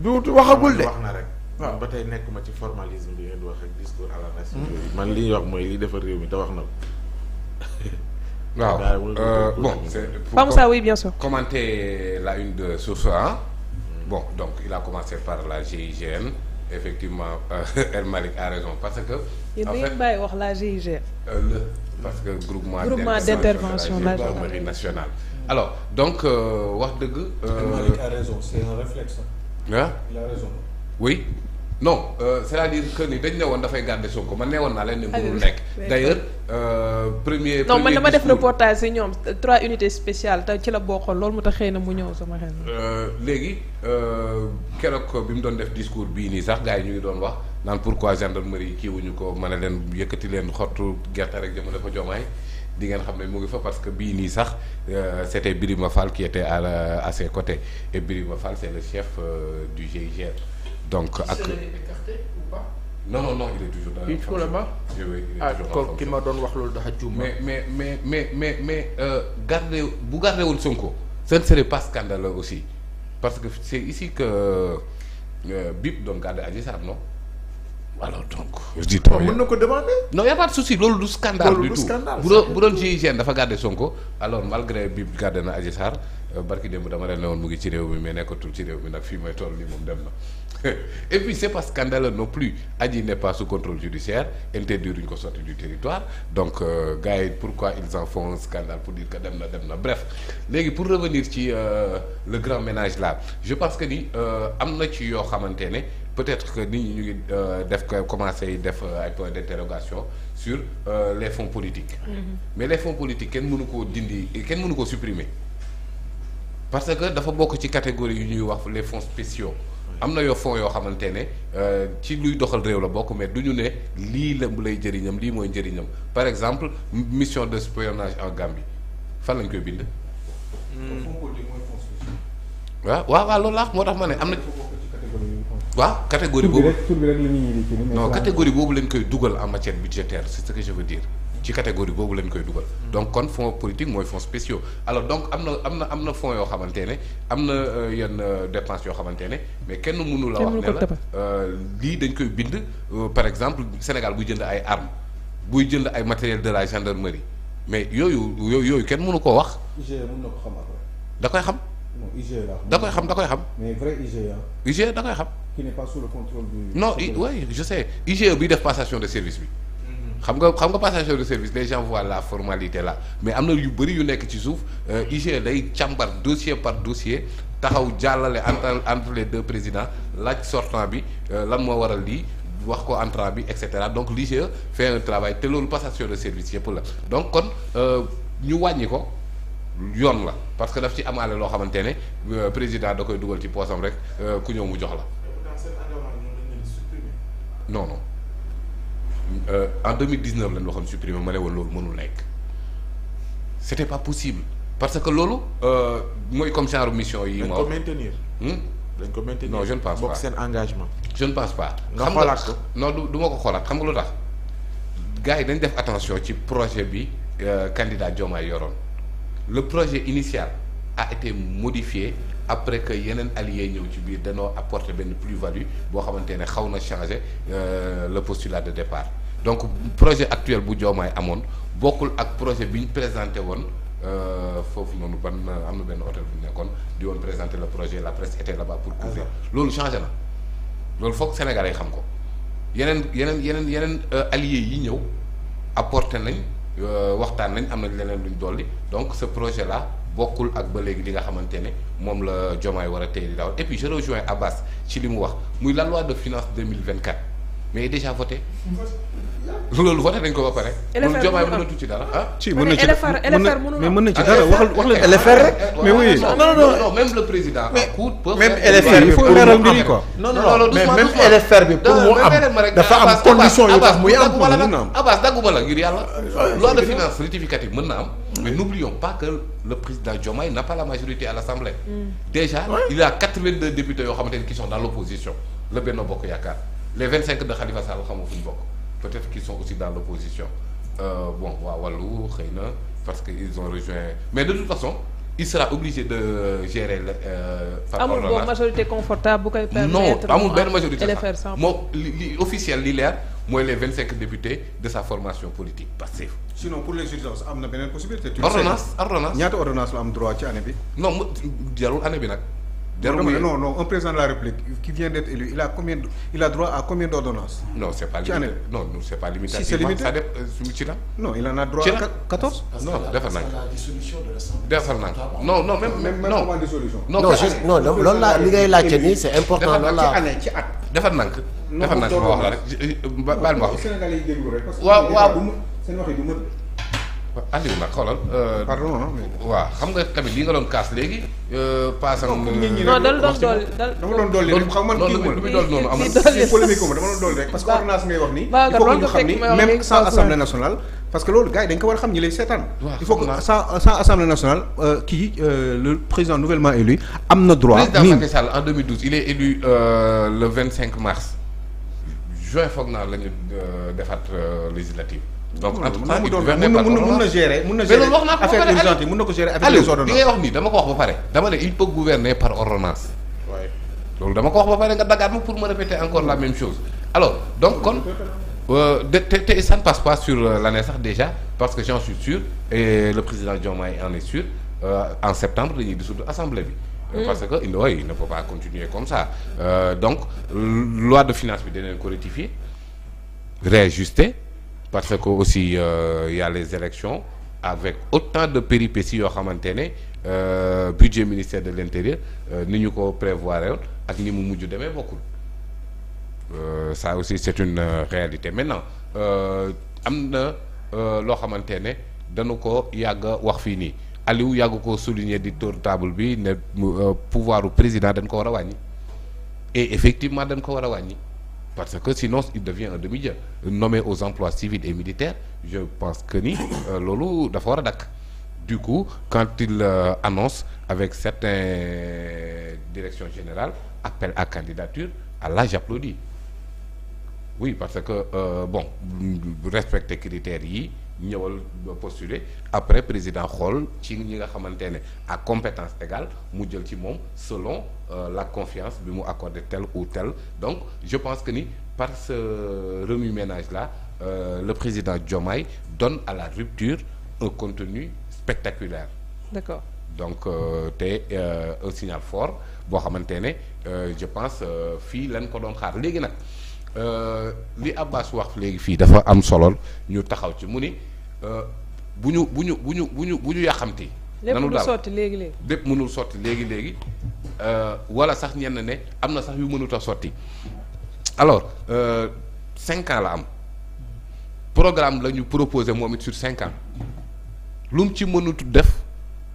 du waxagul de wax na rek. waaw ba tey nekkuma ci formalisme bi ngeen mm-hmm. man li ñuy wax mooy li defar réew mi te wax na ko. waaw euh, bon c'est pour Pam bien sûr. commenter la une de Source A mm-hmm. bon donc il a commencé par la GIGN effectivement euh, El Malick a raison parce que. en fait bàyyi wax la GIGN. Euh, parce que groupement. groupement d'intervention nationale. alors donc wax dëgg. El Malick a raison c'est un réflexe. ah. il a raison. oui non euh, que ni dañ ne woon dafay garder Sonko man ne woon naa leen ne ah mënul nekk. d'ailleurs euh, premier. non man dama def reportage si ñoom trois unités spéciales ci la bokkoon loolu mu tax xëy na mu ñëw sama xel. Euh, léegi euh, keroog bi mu doon def discours bii nii sax gars yi ñu ngi doon wax. naan pourquoi gendarmerie kii wuñu ko mën a leen yëkkati leen xottu gerte rek jëmale ko Diomaye di ngeen xam ne mu ngi fa parce que bii nii sax euh, c' était Birima ma qui était à la, à ses côtés et Birima Fall c' le chef euh, du GIGN donc ak. écarté ou pas. non ah, ki ma doon wax loolu dafa juum. mais mais mais mais mais mais euh, gardé bu gardé wul Sonko. ce ne serait pas aussi parce que c' est ici que euh, BIP doon gardé Adji Sarr alors donc. je dis trop na ko demander. non y' a loolu du scandale du tout bu doon bu doon GIGN dafa gardé Sonko alors malgré bi gardé na Adji Sarr euh, barki démb dama leen ne woon mu ngi ci réew mi mais nekkatul ci réew mi nag fii may toll nii moom dem na et puis c' est pas scandaleux non plus Adji n' est pas sous contrôle judiciaire interdire ñu ko sorti du territoire donc euh, gars yi pourquoi ils en font scandale pour dire que dem na dem na bref léegi pour revenir ci euh, le grand ménage là je pense que ni am na ci yoo xamante ne. peut-être que nit ñi ñu ngi euh, def commencé def euh, ay point d'interrogation sur euh, les fonds politiques mm-hmm. mais les fonds politiques kenn mënu ko dindi kenn mënu ko supprimer parce que dafa bokk ci catégorie yu ñuy wax les fonds spéciaux am na yoo fonds yoo xamante ne euh, ci luy doxal réew la bokk mais du ñu ne lii la lay jëriñam lii mooy njëriñam par exemple mission de espionnage en Gambie fan lañ koy bind hmm. waaw waaw waaw loolu laa moo tax ma ne am na waaw catégorie boobu non catégorie boobu lañ koy dugal am matière budgétaire c'est ce que je veux dire ci catégorie boobu lañ koy dugal hmm. donc kon fonds politique mooy fonds spéciaux alors donc am na am na am na fonds yoo xamante ne am na euh, yenn euh, dépense yoo xamante ne mais kenn mënu la wax ne euh, lii dañ koy bind par exemple Sénégal buy jënd ay armes buy jënd ay matériel de la gendarmerie mais yooyu yooyu yooyu kenn mënu koo wax e da koy e xam da koy xam da koy xam mais vrai IGE e da koy xam qui n'est pas sous le contrôle du. je sais IGE bi def passation de service bi. Mhm. xam nga xam nga passation de service de gens la formalité la mais am na yu bëri yu nekk ci suuf euh, IGE day càmbar dossier par dossier taxaw jàllale entre entre les deux laaj sortant bi euh, lan moo waral lii. wax ko entrant bi et cetera donc l'IGE fait un travail te loolu passation de service yëpp la donc kon euh, ñu wàññi ko yoon la parce que daf ci amaale loo xamante ne président da koy dugal ci poosam rek ku ñëw mu jox la non non euh, en 2019 lañ waxoon supprimer ma ne woon loolu mënul nekk c'était pas possible parce que loolu euh, mooy comme genre mission yi. dañ ko maintenir. Hmm? dañ ko maintenir non je ne pense pas seen engagement. jeune ne pense nga xoolaat ko non du du ma ko xoolaat xam nga lu tax. gars yi dañ def attention ci projet bi euh, candidat Diomaye yoroon le projet initial a été modifié. après que yeneen alliés ñëw ci biir danoo apporter benn plus-value boo xamante ne xaw na changer euh, le postulat de départ donc projet actuel bu Diomaye amoon bokkul ak projet bi ñu présenter woon euh, foofu noonu ban am na benn hôtel bu ñu nekkoon di woon présenter le projet la presse était là-bas pour couvrir ah loolu changé na loolu foog Sénégalais xam ko yeneen yeneen yeneen yeneen euh, alliés yi ñëw apporter nañ waxtaan nañ am nañ leneen luñ dolli donc ce projet là bokkul ak ba léegi li nga xamante ne moom la Diomaye war a tey di daaw et puis je Abbas ci li mu wax muy la loi de finance 2024 mais déjà voté loolu voté dañ ko ba pare. loolu Diomaye mënatu ci dara ah. ci mën na ci mais mën na ci dara wax wax leen LFR rek mais oui non non non même le président. mais même LFR bi pour leeral mbir yi quoi. non non non mais même LFR bi pour mu am dafa am condition yu tax muy mën na am. mais n'oublions pas que le président Diomaye n'a pas la majorité à l'Assemblée mm. déjà ouais. il y a 82 députés yoo xamante ne qui sont dans l'opposition le Benno Bokk Yaakaar les 25 de Khalifa Sall xamoo fu ñu bokk peut-être qu'ils sont aussi dans l'opposition euh, bon waa wàllu xëy na parce que ils ont rejoint mais de toute façon il sera obligé de gérer la euh, par amul boo majorité confortable bu koy permettre non amul benn majorité sax moo li li officiel mooy les vingt cinq députés de sa formation politique passive. sinon pour les ñaata ordonnance la am droit ci année bi. non mu jarul année bi nag. jarul non non un président la République qui vient d'être élu il a combien il non c'est pas limité non c'est pas limité. Euh, ci la. non il en a droit à quatorze. non defar naa la dissolution de l'Assemblée. defar naa non non même même non non non loolu laa li ngay laajte nii c'est important. loolu laa defar naa ci année ci at. defar defar naa sama wax la rek baal ma wax. Sénégal yi déglu rek. waaw waaw seen wax yi du mën. Aliou nag xoolal. Euh, pardon waaw xam nga tamit li nga doon kaas léegi. Euh, paasam. Euh, non dal doon dolli dal dama doon dolli rek xam man kii moom lu muy doon noonu amul si polémique moom dama doon dolli rek parce que ordonnance ngay wax ni il faut que ñu xam ni même sans assemblée nationale parce que loolu gars yi dañ ko war a xam ñi lay seetaan il faut que sans sans assemblée nationale kii le président nouvellement élu am na droit président Macky Sall en 2012 il est élu le 25 mars juin foog naa la ñu euh, defaat euh, législative. donc entre temps il gouverne par mun na gérer mun na gérer affaire urgente yi mun na ko gérer avec les ordonnances li ngay wax nii dama ko wax ba pare dama ne il peut gouverner par ordonnance. waay loolu dama ko wax ba pare nga dagaat ma pour ma répéter encore la même chose alors donc kon. Euh, de te te ça ne passe pas sur sax déjà parce que j'en suis sûr et le président Diomaye en est sûr en septembre dañuy dissoudre assemblée bi. Euh, parce que oui il ne faut pas continuer comme ça euh, donc loi de finance bi dinañ ko rectifier réajuster parce que aussi euh, y les élections avec autant de péripéties yoo xamante ne euh, budget ministère de l'intérieur euh, ni ñu ko prévoir ak ni mu mujj demee bokkul euh, ça aussi c'est une réalité maintenant am na loo xamante ne dañu ko yàgg wax fii nii. Aliou yàgg ko souligner di tour table bi ne euh, pouvoir président dañ ko war a wàññi et effectivement dañ ko war a wàññi parce que sinon il devient un demi-dieu nommé aux emplois civils et militaires je pense que ni euh, loolu dafa war a dakk du coup quand il euh, annonce avec certaines directions générales appel à candidature à là j'applaudis oui parce que euh, bon respecter critères yi ñëwal ba après président xool ci ñi nga xamante ne à compétence égale mu jël ci moom selon euh, la confiance bi mu accordé tel ou tell donc je pense que ni par ce remue-ménage là euh, le président Diomaye donne à la rupture un contenu spectaculaire donc euh, te un signal fort boo xamante ne je pense fii lañ ko doon xaar léegi nag Euh, li Abbas wax léegi fii dafa am solo ñu taxaw ci mu ni euh, bu ñu bu ñu bu ñu bu ñu bu ñu yàqamti. nanu daal lépp mënul sotti léegi léegi. lépp mënul sotti léegi léegi euh, wala sax ñenn ne am na sax yu mënut sotti alors cinq ans la am programme la ñu proposé moom it sur cinq lu mu ci mënut def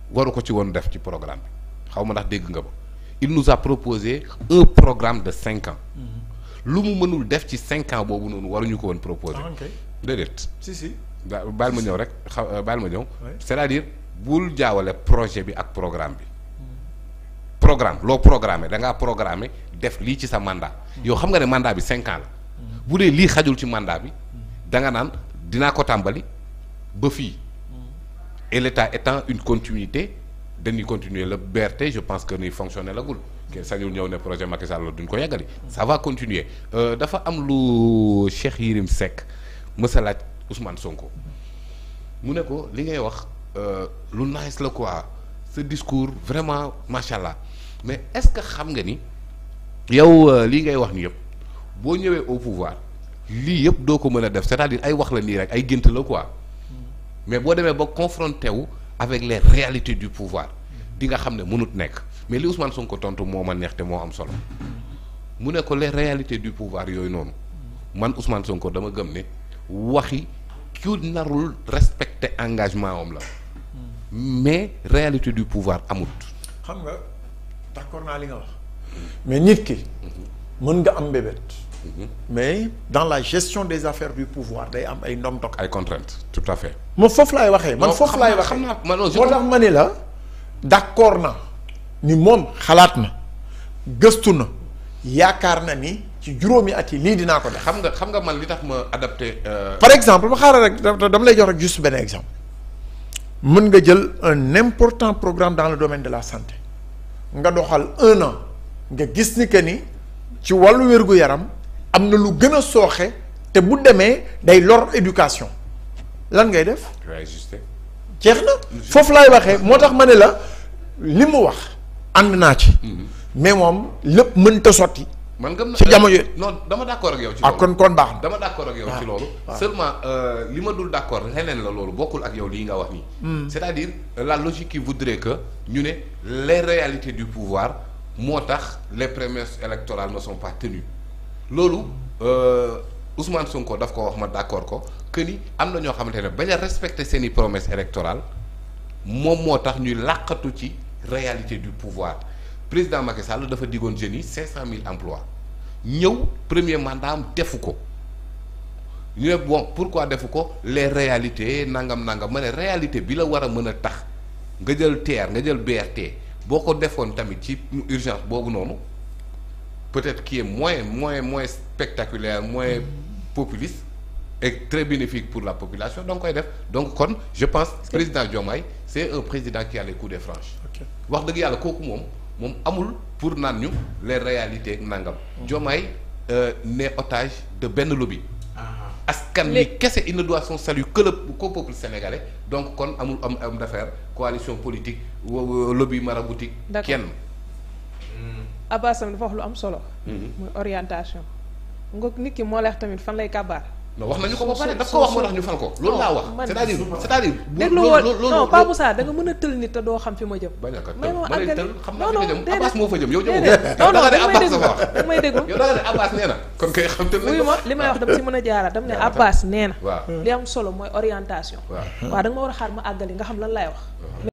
waru ko ci woon def ci programme bi xaw ma ndax dégg nga ba il nous a proposé un programme de cinq lu mu mënul def ci cinq boobu noonu ñu ko woon proposer ah, déedéet si si euh, baal ma ñëw rek xaw ma ñëw c'est-à-dire bul jaawale projet bi ak programme bi programme loo programmé da programme def lii ci sa mandat yow xam nga ne mandat bi cinq la bu dee lii xajul ci mandat bi da nga naan dinaa ko tàmbali ba fii et l'état étant une continuité dañuy continuer le BRT je pense que nuy fonctionner lagul kenn sañul ñëw ne projet Macky Sall duñ ko yàggali ça va continuer euh, dafa am lu Cheikh Yérim Seck mësa laaj Ousmane Sonko mu ne ko li ngay wax euh, lu nice la quoi ce discours vraiment macha allah mais est-ce que xam nga ni yow euh, lii ngay wax ni yëpp boo ñëwee au pouvoir lii yëpp doo ko mën a def c'est-à-dire ay wax la nii rek ay gént la quoi mais boo demee ba confronté wu avec les réalités du pouvoir di nga xam ne mënut nekk. mais li Ousmane Sonko tontu moo ma neex te moo am solo mu ne ko les réalités du pouvoir yooyu noonu man Ousmane Sonko dama gëm ne waxi ku narul respecter engagement am la mais réalité du pouvoir amut. xam nga d'accord naa li nga wax mais nit ki mën nga am bébét. mais dans la gestion des affaires du pouvoir day am ay ndom tok ay contraintes tout à fait. moom foofu laay waxee. man foofu laay waxee. xam naa man moo tax ma ne la d'accord naa. ni moom xalaat na gëstu na yaakaar na ni ci juróomi at yi lii dinaa ko def. xam nga xam nga man li tax ma adapté. Euh, par exemple ma xaaral rek dama lay jox rek juste benn exemple mën nga jël un important programme dans le domaine de la santé nga doxal un an nga gis ni que ni ci wàllu wérgu yaram am na lu gën a sooxe te bu demee day lor éducation lan ngay def. jeex na foofu lay waxee moo tax ma ne la li mu wax. ànd naa ci. Mhm. mais moom lépp mënta sotti. man gëm na ci jamono yooyu non dama d' accord ak yow. ci ah, loolu kon kon baax na dama d' accord ak yow ci seulement euh, li ma dul d' accord la loolu bokkul ak yow lii nga wax nii. Hmm. c' est à dire la logique qui voudrait que ñu ne les réalité du pouvoir moo tax les promesses électorales ne sont pas tenues loolu euh, Ousmane Sonko daf ko wax ma d' accord ko que ni am na ñoo xamante ne bañaa a seeni seen i moom moo tax ñuy làqatu ci. réalité du pouvoir président Macky Sall dafa diggoon jeunes yi cinq cent mille emplois ñëw premier mandam defu ko ñu ne bon pourquoi defu ko les réalité nangam nangam ma ne réalité bi la war a mën a tax nga jël TER nga jël BRT boo ko defoon tamit ci urgent boobu noonu peut-être qui est moins moins moins spectaculaire moins populiste et très bénéfique pour la population donc koy def donc kon je pense président Diomaye c'est un président qui a les coups des wax dëgg yàlla kooku moom moom amul pour naan ñu les réalités nangam Diomaye euh, ne otage de benn lobby ah. askan wi kese il ne doit son salut que le qu'au peuple sénégalais donc kon amul am am d'affaire coalition politique lobby maraboutique kenn hmm. Abbas tamit dafa wax lu am solo muy hmm. orientation nga nit ki moo leex tamit fan lay kabaar non wax nañu ko ba pare daf ko wax moo tax ñu fal ko. loolu laa wax c'est-à-dire c'est-à-dire. déglu woon non Pape Moussa mën a tël nit te doo xam fi ma jëm. bañ a ko tël ma lay tël moo fa jëm yow jëmoo ko. non non da nee na. kon kay xam tël nañ ko li may wax dama si mën a jaaraat dama ne Abbas nee na. waaw li am solo mooy orientation. waaw waaw da ma war a xaar ma àggali nga xam lan laay wax.